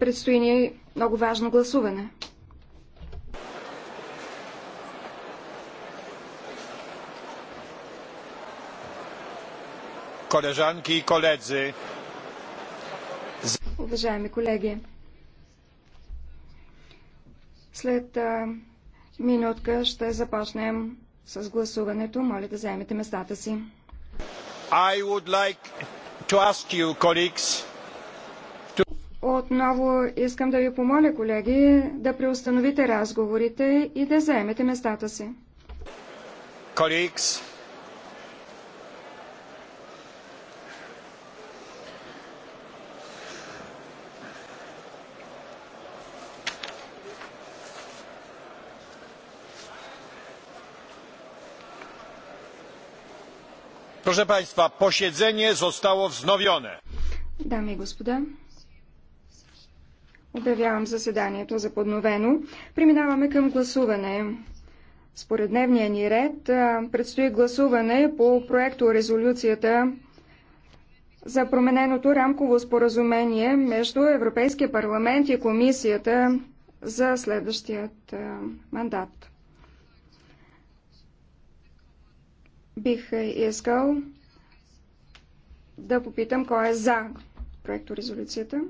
Предстои ни много важно гласуване. Колежанки и колеги! Уважаеми колеги, след а, минутка ще започнем с гласуването. Моля да заемете местата си. I would like to ask you, colleagues, отново искам да ви помоля, колеги, да преустановите разговорите и да заемете местата си. Колегс. Proszę Państwa, posiedzenie zostało wznowione. Dami i господа, Обявявам заседанието за подновено. Преминаваме към гласуване. Според дневния ни ред предстои гласуване по проекто резолюцията за промененото рамково споразумение между Европейския парламент и комисията за следващият мандат. Бих искал да попитам кой е за проекто резолюцията.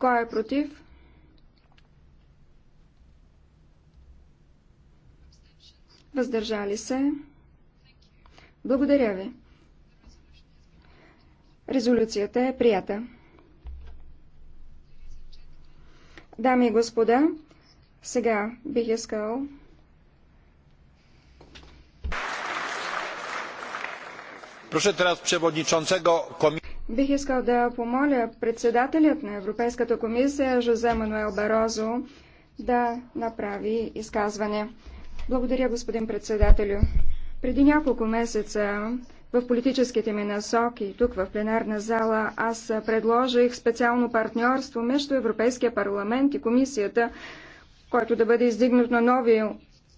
Кой е против? Въздържали се? Благодаря ви. Резолюцията е прията. Дами и господа, сега бих искал Proszę teraz przewodniczącego komisji. Бих искал да помоля председателят на Европейската комисия Жозе Мануел Барозо да направи изказване. Благодаря, господин председателю. Преди няколко месеца в политическите ми насоки, тук в пленарна зала, аз предложих специално партньорство между Европейския парламент и комисията, който да бъде издигнат на нови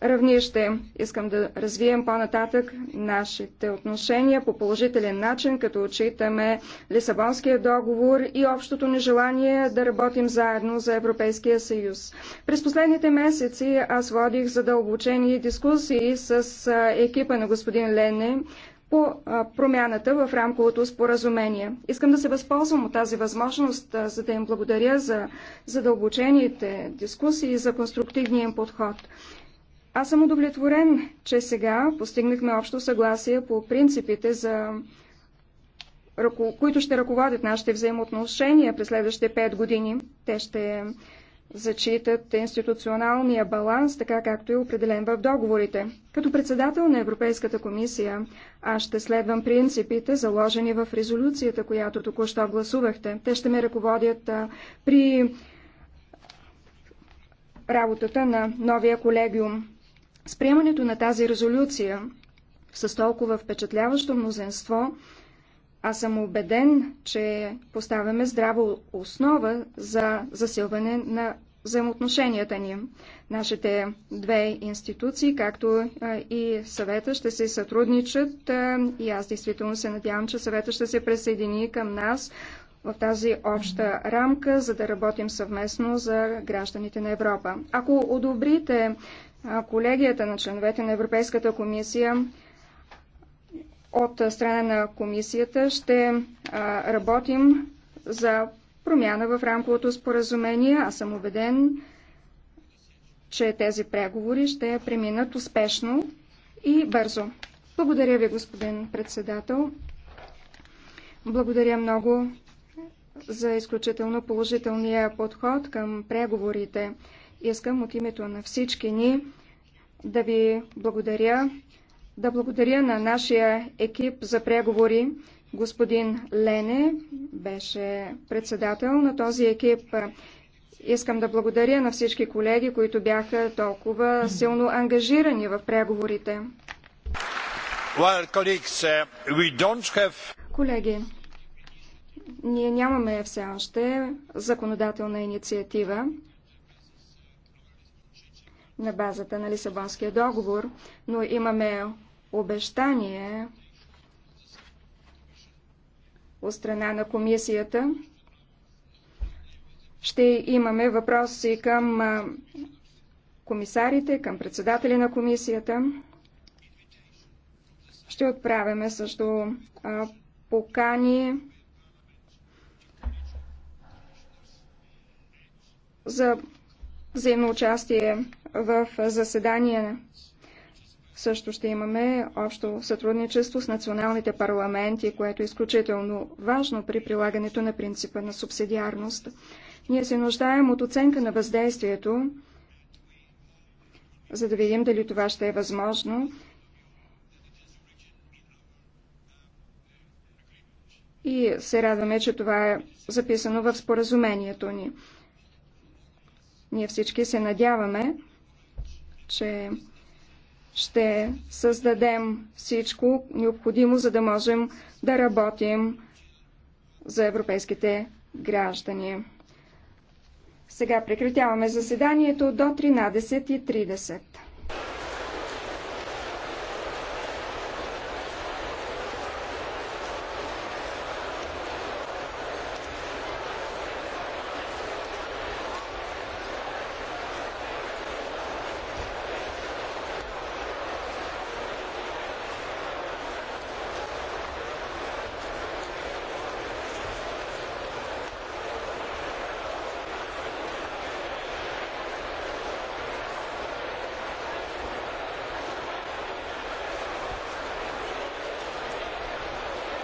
равнище. Искам да развием по-нататък нашите отношения по положителен начин, като отчитаме Лисабонския договор и общото нежелание да работим заедно за Европейския съюз. През последните месеци аз водих задълбочени дискусии с екипа на господин Лене, по промяната в рамковото споразумение. Искам да се възползвам от тази възможност, за да им благодаря за задълбочените дискусии и за конструктивния им подход. Аз съм удовлетворен, че сега постигнахме общо съгласие по принципите, за... които ще ръководят нашите взаимоотношения през следващите 5 години. Те ще зачитат институционалния баланс, така както е определен в договорите. Като председател на Европейската комисия, аз ще следвам принципите, заложени в резолюцията, която току-що гласувахте. Те ще ме ръководят а, при работата на новия колегиум. С приемането на тази резолюция с толкова впечатляващо мнозинство, аз съм убеден, че поставяме здрава основа за засилване на взаимоотношенията ни. Нашите две институции, както и съвета, ще се сътрудничат и аз действително се надявам, че съвета ще се присъедини към нас в тази обща рамка, за да работим съвместно за гражданите на Европа. Ако одобрите колегията на членовете на Европейската комисия от страна на комисията ще работим за промяна в рамковото споразумение. Аз съм убеден, че тези преговори ще преминат успешно и бързо. Благодаря ви, господин председател. Благодаря много за изключително положителния подход към преговорите. Искам от името на всички ни да ви благодаря, да благодаря на нашия екип за преговори. Господин Лене беше председател на този екип. Искам да благодаря на всички колеги, които бяха толкова силно ангажирани в преговорите. Well, uh, have... Колеги, ние нямаме все още законодателна инициатива на базата на Лисабонския договор, но имаме обещание от страна на комисията. Ще имаме въпроси към комисарите, към председатели на комисията. Ще отправяме също покани за взаимно участие в заседание. Също ще имаме общо сътрудничество с националните парламенти, което е изключително важно при прилагането на принципа на субсидиарност. Ние се нуждаем от оценка на въздействието, за да видим дали това ще е възможно. И се радваме, че това е записано в споразумението ни. Ние всички се надяваме, че ще създадем всичко необходимо, за да можем да работим за европейските граждани. Сега прекратяваме заседанието до 13.30.